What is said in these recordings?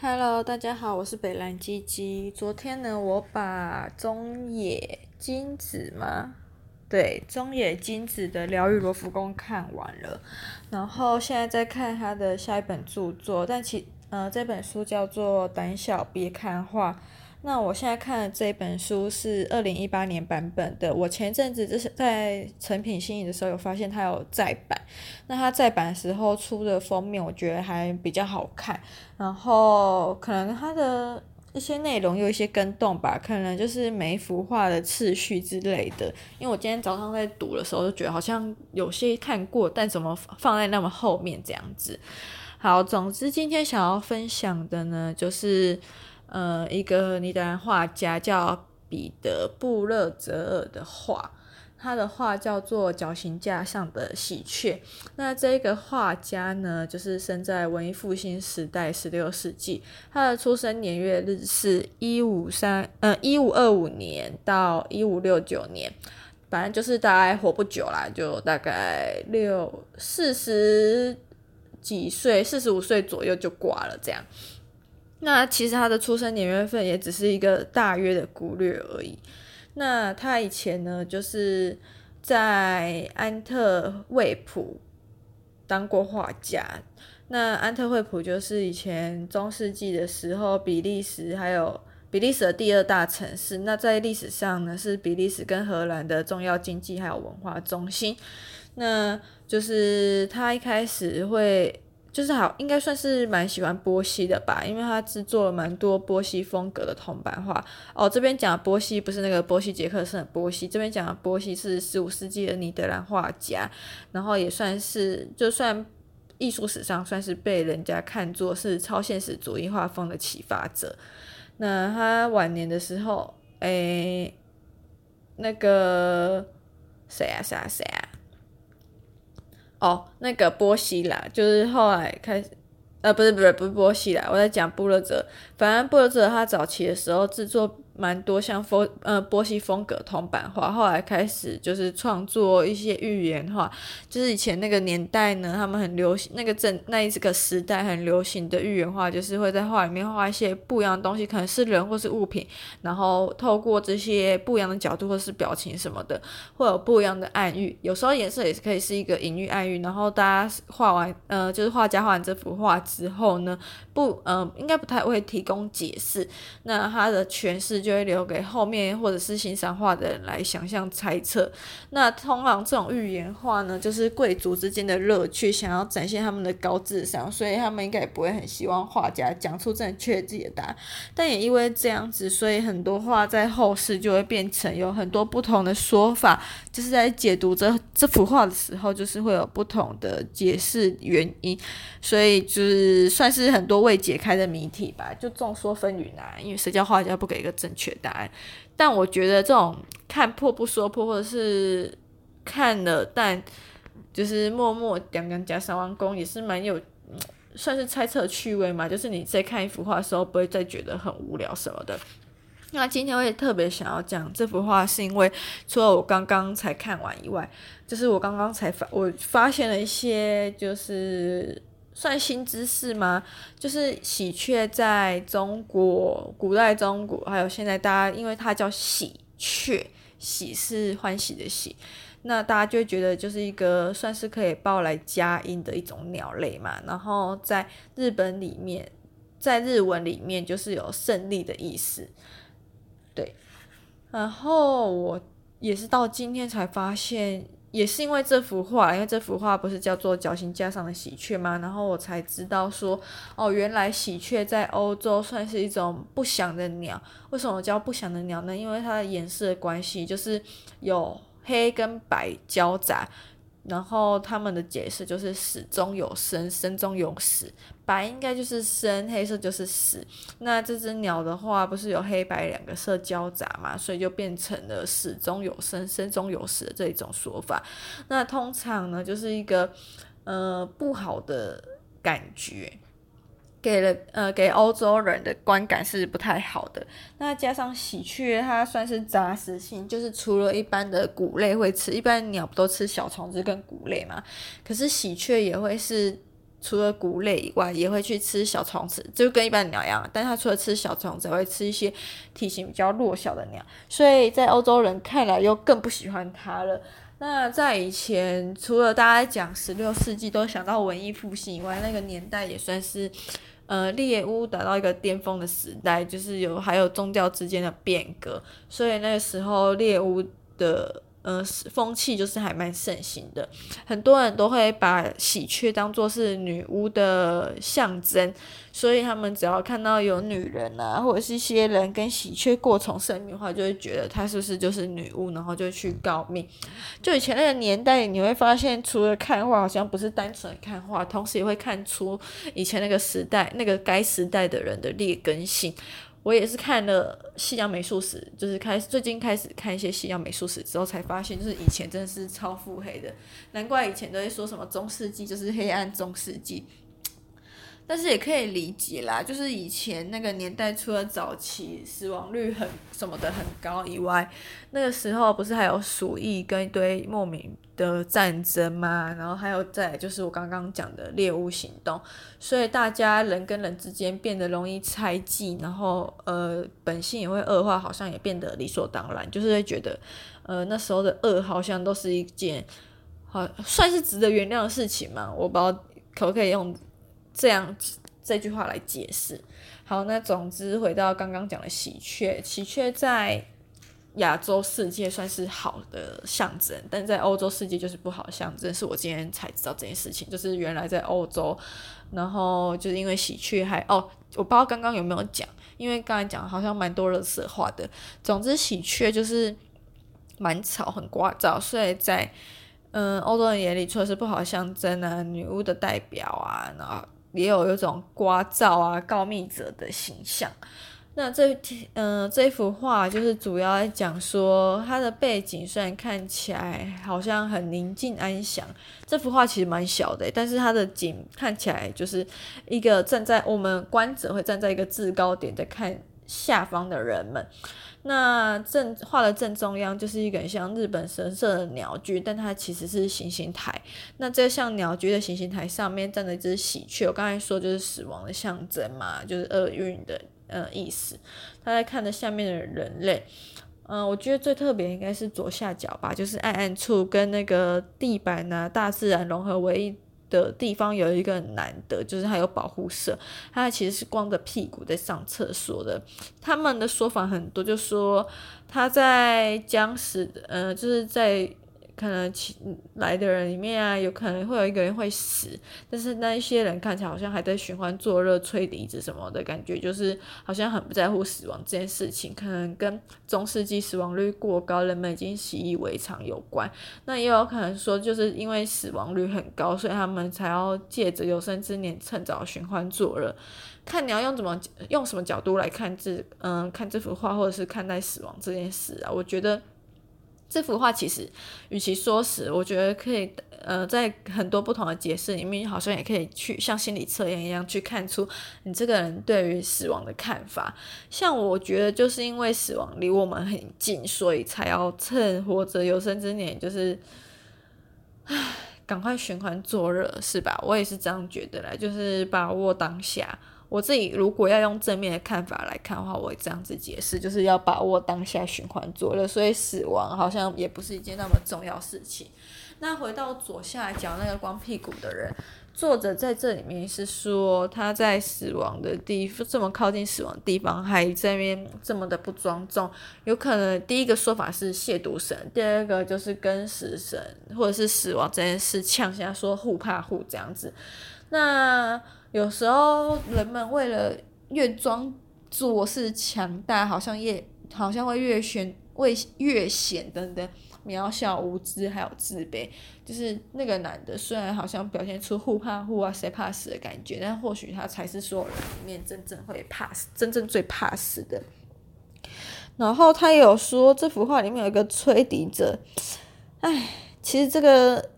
Hello，大家好，我是北蘭雞雞。昨天呢，我把中野金子嗎？對，中野金子的《療癒羅浮宮》看完了，然後現在在看他的下一本著作，但其呃，這本書叫做《膽小別看畫》。那我現在看的這本書是二零一八年版本的。我前陣子就是在誠品信義的時候有發現它有再版。那它再版的時候出的封面，我覺得還比較好看。然後可能它的一些內容有一些更動吧，可能就是每一幅畫的次序之類的。因為我今天早上在讀的時候，就覺得好像有些看過，但怎麼放在那麼後面這樣子。好，總之今天想要分享的呢，就是。呃、嗯，一個尼德蘭畫家叫彼得·布勒澤爾的畫，他的畫叫做《絞刑架上的喜鵲》。那這個畫家呢，就是生在文藝復興時代，十六世紀。他的出生年月日是一五三，嗯，一五二五年到一五六九年，反正就是大概活不久啦，就大概六四十幾歲，四十五歲左右就掛了，這樣。那其實他的出生年月份也只是一個大約的估略而已。那他以前呢，就是在安特衛普當過畫家。那安特衛普就是以前中世紀的時候，比利時還有比利時的第二大城市。那在歷史上呢，是比利時跟荷蘭的重要經濟還有文化中心。那就是他一開始會。就是好，應該算是蠻喜歡波西的吧，因為他製作了蠻多波西風格的銅版畫。哦，這邊講波西不是那個波西傑克遜，波西，這邊講的波西是十五世紀的尼德蘭畫家，然後也算是就算藝術史上算是被人家看作是超現實主義畫風的啟發者。那他晚年的時候，哎、欸，那個啥啥啥。誰啊誰啊誰啊哦，那個波西拉就是後來開始，呃，不是，不是，不是波西拉，我在講布勒哲。反正布勒哲他早期的時候制作。蠻多像波呃波西風格銅版畫，後來開始就是創作一些寓言畫，就是以前那個年代呢，他們很流行那個正，那一個時代很流行的寓言畫，就是會在畫裡面畫一些不一樣的東西，可能是人或是物品，然後透過這些不一樣的角度或是表情什麼的，會有不一樣的暗喻，有時候顏色也是可以是一個隱喻暗喻，然後大家畫完呃就是畫家畫完這幅畫之後呢，不呃應該不太會提供解釋，那他的詮釋就。就會留給後面或者是欣賞畫的人來想象猜測。那通常這種寓言畫呢，就是貴族之間的樂趣，想要展現他們的高智商，所以他們應該也不會很希望畫家講出正確自己的答案。但也因為這樣子，所以很多畫在後世就會變成有很多不同的說法，就是在解讀這這幅畫的時候，就是會有不同的解釋原因，所以就是算是很多未解開的謎題吧，就眾說紛紜啊。因為誰叫畫家不給一個正確答案，但我覺得這種看破不說破，或者是看了但就是默默“講講講上完功也是蠻有算是猜測趣味嘛。就是你在看一幅畫的時候，不會再覺得很無聊什麼的。那今天我也特別想要講這幅畫，是因為除了我剛剛才看完以外，就是我剛剛才發我發現了一些，就是。算新知識嗎？就是喜鵲在中國古代、中國還有現在，大家因為它叫喜鵲，喜是歡喜的喜，那大家就會覺得就是一個算是可以報來佳音的一種鳥類嘛。然後在日本裡面，在日文裡面就是有勝利的意思。對，然後我也是到今天才發現。也是因為這幅畫，因為這幅畫不是叫做《絞刑架上的喜鵲》嗎？然後我才知道說，哦，原來喜鵲在歐洲算是一種不祥的鳥。為什麼我叫不祥的鳥呢？因為它的顏色的關係，就是有黑跟白交雜。然後他們的解釋就是死中有生，生中有死，白應該就是生，黑色就是死。那這隻鳥的話，不是有黑白兩個色交雜嘛，所以就變成了死中有生，生中有死的這一種說法。那通常呢，就是一個呃不好的感覺。給了呃，給歐洲人的觀感是不太好的。那加上喜鵲，它算是雜食性，就是除了一般的穀類會吃，一般鳥不都吃小蟲子跟穀類嘛？可是喜鵲也會是除了穀類以外，也會去吃小蟲子，就跟一般鳥一樣。但它除了吃小蟲子，還會吃一些體型比較弱小的鳥，所以在歐洲人看來又更不喜歡它了。那在以前，除了大家講十六世紀都想到文藝復興以外，那個年代也算是，呃，獵巫達到一個巔峰的時代，就是有還有宗教之間的變革，所以那個時候獵巫的。呃，風氣就是還蠻盛行的，很多人都會把喜鵲當作是女巫的象徵，所以他們只要看到有女人啊，或者是一些人跟喜鵲過從甚密的話，就會覺得她是不是就是女巫，然後就去告密。就以前那個年代，你會發現，除了看畫，好像不是單純看畫，同時也會看出以前那個時代、那個該時代的人的劣根性。我也是看了西洋美術史，就是開始最近開始看一些西洋美術史之後，才發現就是以前真的是超腹黑的，難怪以前都會說什麼中世紀就是黑暗中世紀。但是也可以理解啦，就是以前那個年代，除了早期死亡率很什麼的很高以外，那個時候不是還有鼠疫跟一堆莫名的戰爭嘛？然後還有再就是我剛剛講的獵巫行動，所以大家人跟人之間變得容易猜忌，然後呃本性也會惡化，好像也變得理所當然，就是會覺得，呃那時候的惡好像都是一件好算是值得原諒的事情嘛？我不知道可不可以用。這樣，這句話來解釋。好，那總之回到剛剛講的喜鵲，喜鵲在亞洲世界算是好的象徵，但在歐洲世界就是不好象徵。是我今天才知道這件事情，就是原來在歐洲，然後就是因為喜鵲還哦，我不知道剛剛有沒有講，因為剛才講好像蠻多垃圾話的。總之，喜鵲就是蠻吵、很聒噪，所以在嗯歐洲人眼裡，確實是不好象徵啊，女巫的代表啊，然後。也有有一種聒噪啊、告密者的形象。那這嗯、呃，這幅畫就是主要來講說，它的背景雖然看起來好像很寧靜安詳，這幅畫其實蠻小的，但是它的景看起來就是一個站在我們觀者會站在一個制高點在看下方的人們。那正畫的正中央就是一個像日本神社的鳥居，但它其實是行刑台。那這像鳥居的行刑台上面站着一隻喜鵲，我剛才說就是死亡的象徵嘛，就是厄運的呃意思。他在看着下面的人類，嗯、呃，我覺得最特別應該是左下角吧，就是暗暗處跟那個地板呢，大自然融合為一。的地方有一個很難得，就是他有保護色，他其實是光着屁股在上廁所的。他們的說法很多，就說他在僵屍，呃，就是在。可能來的人裡面啊，有可能會有一個人會死，但是那一些人看起來好像還在尋歡作樂、吹笛子什麼的感覺，就是好像很不在乎死亡這件事情。可能跟中世紀死亡率過高，人們已經習以為常有關。那也有可能說，就是因為死亡率很高，所以他們才要借着有生之年趁早尋歡作樂。看你要用怎麼用什麼角度來看這，嗯，看這幅畫，或者是看待死亡這件事啊，我覺得。這幅畫其實，與其說是，我覺得可以，呃，在很多不同的解釋裡面，好像也可以去像心理測驗一樣去看出你這個人對於死亡的看法。像我覺得，就是因為死亡離我們很近，所以才要趁活着，有生之年，就是，唉，趕快尋歡作樂，是吧？我也是這樣覺得啦，就是把握當下。我自己如果要用正面的看法來看的話，我這樣子解釋，就是要把握當下循環做了，所以死亡好像也不是一件那麼重要事情。那回到左下角那個光屁股的人，作者在這裡面是說他在死亡的地這麼靠近死亡的地方，還這邊這麼的不莊重，有可能第一個說法是褻瀆神，第二個就是跟死神或者是死亡這件事嗆下說互怕互這樣子，那。有時候人們為了越裝作是強大，好像越好像會越顯為越顯得渺小無知，還有自卑。就是那個男的，雖然好像表現出互怕互啊誰怕死的感覺，但或許他才是所有人裡面真正會怕死、真正最怕死的。然後他有說，這幅畫裡面有一個吹笛者，哎，其實這個。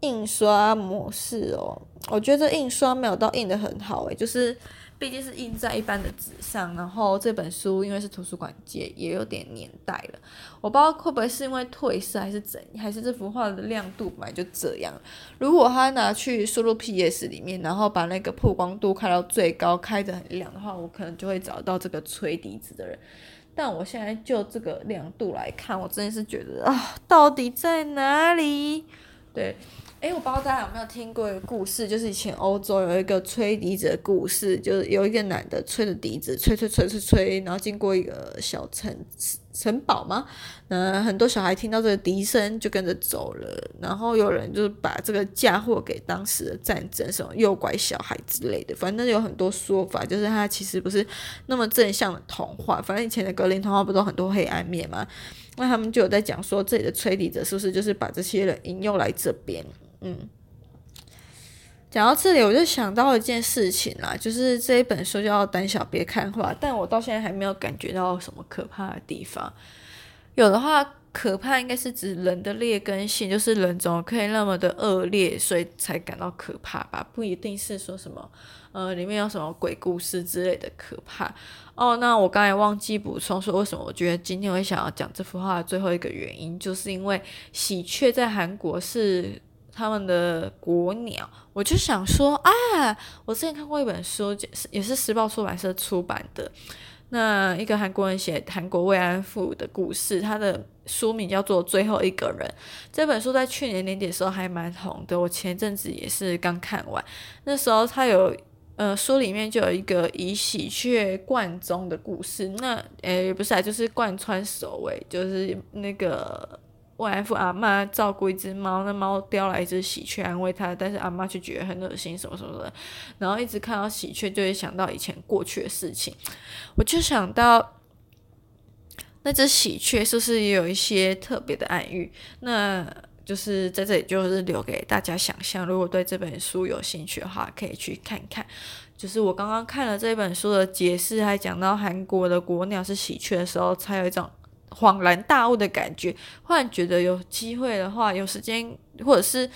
印刷模式哦，我覺得這印刷沒有到印得很好誒、欸，就是畢竟是印在一般的紙上，然後這本書因為是圖書館借，也有點年代了。我不知道會不會是因為褪色，還是怎樣，還是這幅畫的亮度本來就這樣。如果他拿去輸入 P S 裡面，然後把那個曝光度開到最高，開得很亮的話，我可能就會找到這個吹笛子的人。但我現在就這個亮度來看，我真的是覺得啊，到底在哪裡？對。誒、欸，我不知道大家有沒有聽過一個故事，就是以前歐洲有一個吹笛子的故事，就是有一個男的吹着笛子，吹吹吹吹吹，然後經過一個小城城堡嗎？嗯，很多小孩聽到這個笛聲就跟着走了，然後有人就是把這個嫁禍給當時的戰爭什麼誘拐小孩之類的，反正有很多說法，就是他其實不是那麼正向的童話，反正以前的格林童話不都很多黑暗面嗎？那他們就有在講說，這裡的吹笛者是不是就是把這些人引誘來這邊？嗯，講到這裡，我就想到一件事情啦，就是這一本書叫《膽小別看畫》，但我到現在還沒有感覺到什麼可怕的地方。有的話，可怕應該是指人的劣根性，就是人總可以那麼的惡劣，所以才感到可怕吧？不一定是說什麼，呃，裡面有什麼鬼故事之類的可怕哦。那我剛才忘記補充說，為什麼我覺得今天會想要講這幅畫的最後一個原因，就是因為喜鵲在韓國是。他們的國鳥，我就想說，啊。我之前看過一本書，也是時報出版社出版的，那一個韓國人寫韓國慰安婦的故事，他的書名叫做《最後一個人》。這本書在去年年底的時候還蠻紅的，我前陣子也是剛看完。那時候他有，呃，書裡面就有一個以喜鵲貫中的故事，那，也、欸、不是、啊，就是貫穿首尾，就是那個。我慰安婦阿嬤照顧一隻貓，那貓叼來一隻喜鵲安慰它，但是阿媽卻覺得很惡心，什麼什麼的。然後一直看到喜鵲，就會想到以前過去的事情。我就想到那隻喜鵲是不是也有一些特別的暗喻？那就是在這裡，就是留給大家想象。如果對這本書有興趣的話，可以去看看。就是我剛剛看了這本書的解釋，還講到韓國的國鳥是喜鵲的時候，才有一種。恍然大悟的感覺，忽然覺得有機會的話，有時間，或者是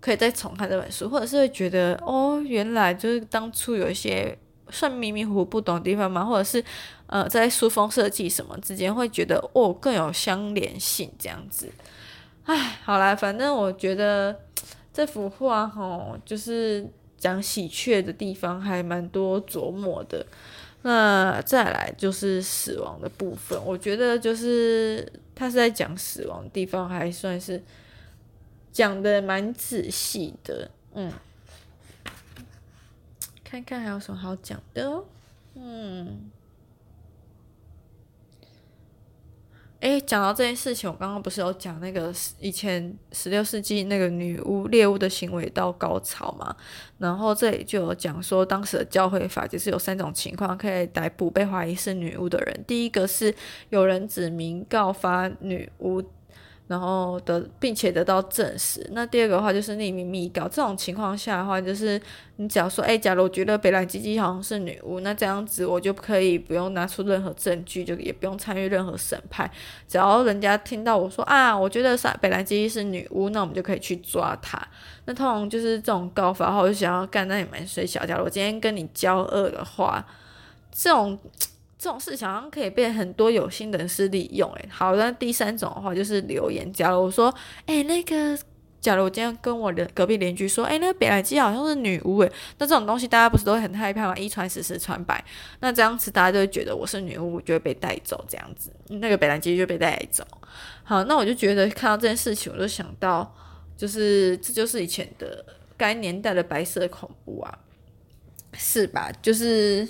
可以再重看這本書，或者是會覺得哦，原來就是當初有一些算迷迷糊不懂的地方嘛，或者是呃，在書封設計什麼之間，會覺得哦，更有相連性這樣子。哎，好啦，反正我覺得這幅畫吼、哦，就是講喜鵲的地方還蠻多琢磨的。那再來就是死亡的部分，我覺得就是他是在講死亡的地方，還算是講得蠻仔細的。嗯，看看還有什麼好講的哦。嗯。誒，講到這件事情，我剛剛不是有講那個以前十六世紀那個女巫獵巫的行為到高潮嘛？然後這裡就有講說，當時的教會法就是有三種情況可以逮捕被懷疑是女巫的人，第一個是有人指名告發女巫。然後得，並且得到證實。那第二個的話就是匿名密告，這種情況下的話，就是你只要說，哎，假如我覺得北蘭吉吉好像是女巫，那這樣子我就可以不用拿出任何證據，就也不用參與任何審判，只要人家聽到我說啊，我覺得北蘭吉吉是女巫，那我們就可以去抓她。那通常就是這種告發後就想要幹那你們誰小家，假如我今天跟你交惡的話，這種。這種事情好像可以被很多有心人士利用誒。好，那第三種的話就是留言。假如我說，哎、欸，那個，假如我今天跟我的隔壁鄰居說，哎、欸，那個北蘭雞好像是女巫誒，那這種東西大家不是都很害怕嗎？一傳十，十傳百，那這樣子大家就會覺得我是女巫，就會被帶走這樣子，那個北蘭雞就被帶走。好，那我就覺得看到這件事情，我就想到，就是這就是以前的該年代的白色恐怖啊，是吧？就是。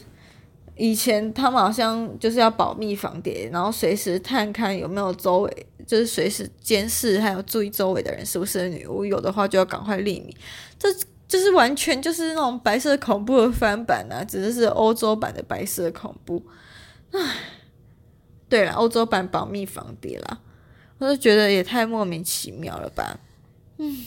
以前他們好像就是要保密防諜，然後隨時探看有沒有周圍，就是隨時監視還有注意周圍的人是不是女巫，有的話就要趕快立名。這就是完全就是那種白色恐怖的翻版啊，只是是歐洲版的白色恐怖。唉，對了，歐洲版保密防諜啦，我就覺得也太莫名其妙了吧，嗯。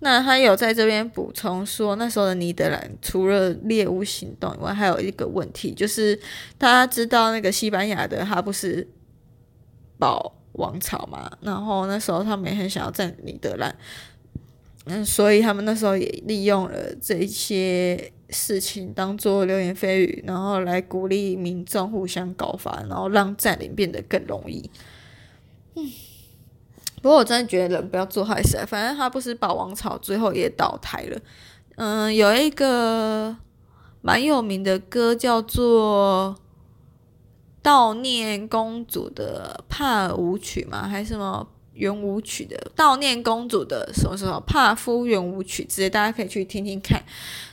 那他有在這邊補充說，那時候的尼德蘭除了獵物行動以外，還有一個問題，就是大家知道那個西班牙的哈布斯堡王朝嘛，然後那時候他們也很想要占領尼德蘭，嗯，所以他們那時候也利用了這一些事情當做流言蜚語，然後來鼓勵民眾互相搞法，然後讓占領變得更容易，嗯不過我真的覺得人不要做壞事，反正他不是把王朝，最後也倒台了。嗯，有一個蠻有名的歌叫做《悼念公主的帕爾舞曲》嗎？還是什麼圓舞曲的《悼念公主的什麼什麼帕夫圓舞曲》之類，大家可以去聽聽看。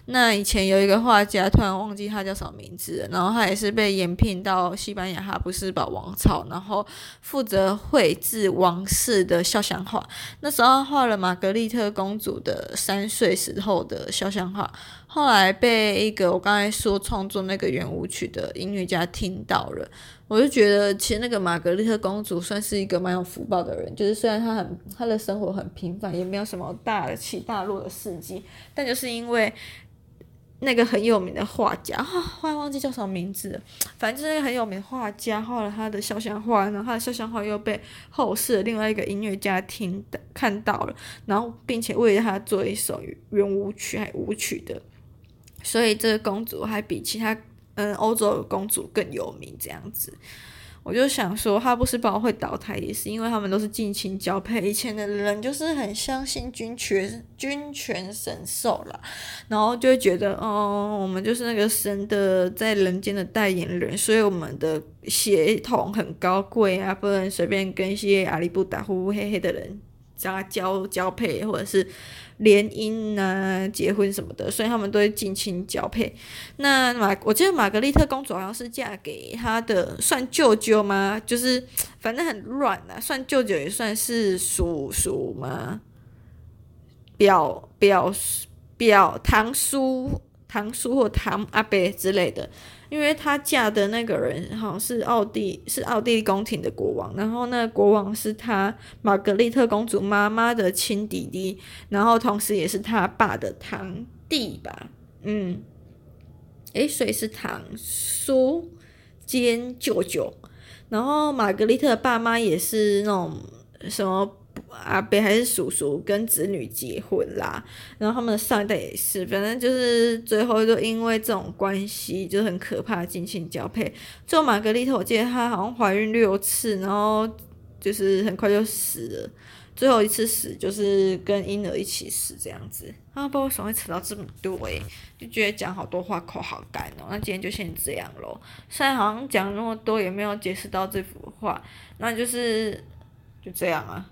那以前有一個畫家，突然忘記他叫什麼名字，然後他也是被延聘到西班牙哈布斯堡王朝，然後負責繪製王室的肖像畫。那時候畫了瑪格麗特公主的三歲時候的肖像畫，後來被一個我剛才說創作那個圓舞曲的音樂家聽到了，我就覺得其實那個瑪格麗特公主算是一個蠻有福報的人，就是雖然她很，她的生活很平凡，也沒有什麼大起大落的事蹟，但就是因為。那個很有名的畫家，啊，後來忘記叫什麼名字了，反正就是個很有名畫家，畫了他的肖像畫，然後他的肖像畫又被後世的另外一個音樂家聽到看到了，然後並且為了他做一首圓舞曲還舞曲的，所以這個公主還比其他嗯歐洲的公主更有名這樣子。我就想說，哈布斯堡會倒台也是，因為他們都是近親交配。以前的人就是很相信君權、君權神授啦，然後就會覺得，哦，我們就是那個神的在人間的代言人，所以我們的血統很高貴啊，不能隨便跟一些阿里不達呼黑黑的人這樣交交配，或者是。聯姻啊，結婚什麼的，所以他們都會近親交配。那馬，我記得瑪格麗特公主好像是嫁給他的算舅舅嗎？就是反正很亂啊，算舅舅也算是叔叔嗎？表表表堂叔。堂叔或堂阿伯之類的，因為她嫁的那個人好像是奧地是奧地利宮廷的國王，然後那個國王是他瑪格麗特公主媽媽的親弟弟，然後同時也是他爸的堂弟吧，嗯，誒、欸，所以是堂叔兼舅舅，然後瑪格麗特爸媽也是那種什麼。阿伯還是叔叔跟子女結婚啦，然後他們的上一代也是，反正就是最後就因為這種關係就很可怕的近親交配。最後瑪格麗特我記得她好像懷孕六次，然後就是很快就死了，最後一次死就是跟嬰兒一起死這樣子。啊，不知道怎麼會扯到這麼多、欸，就覺得講好多話口好乾哦。那今天就先這樣咯，雖然好像講那麼多也沒有解釋到這幅畫，那就是。就這樣啊。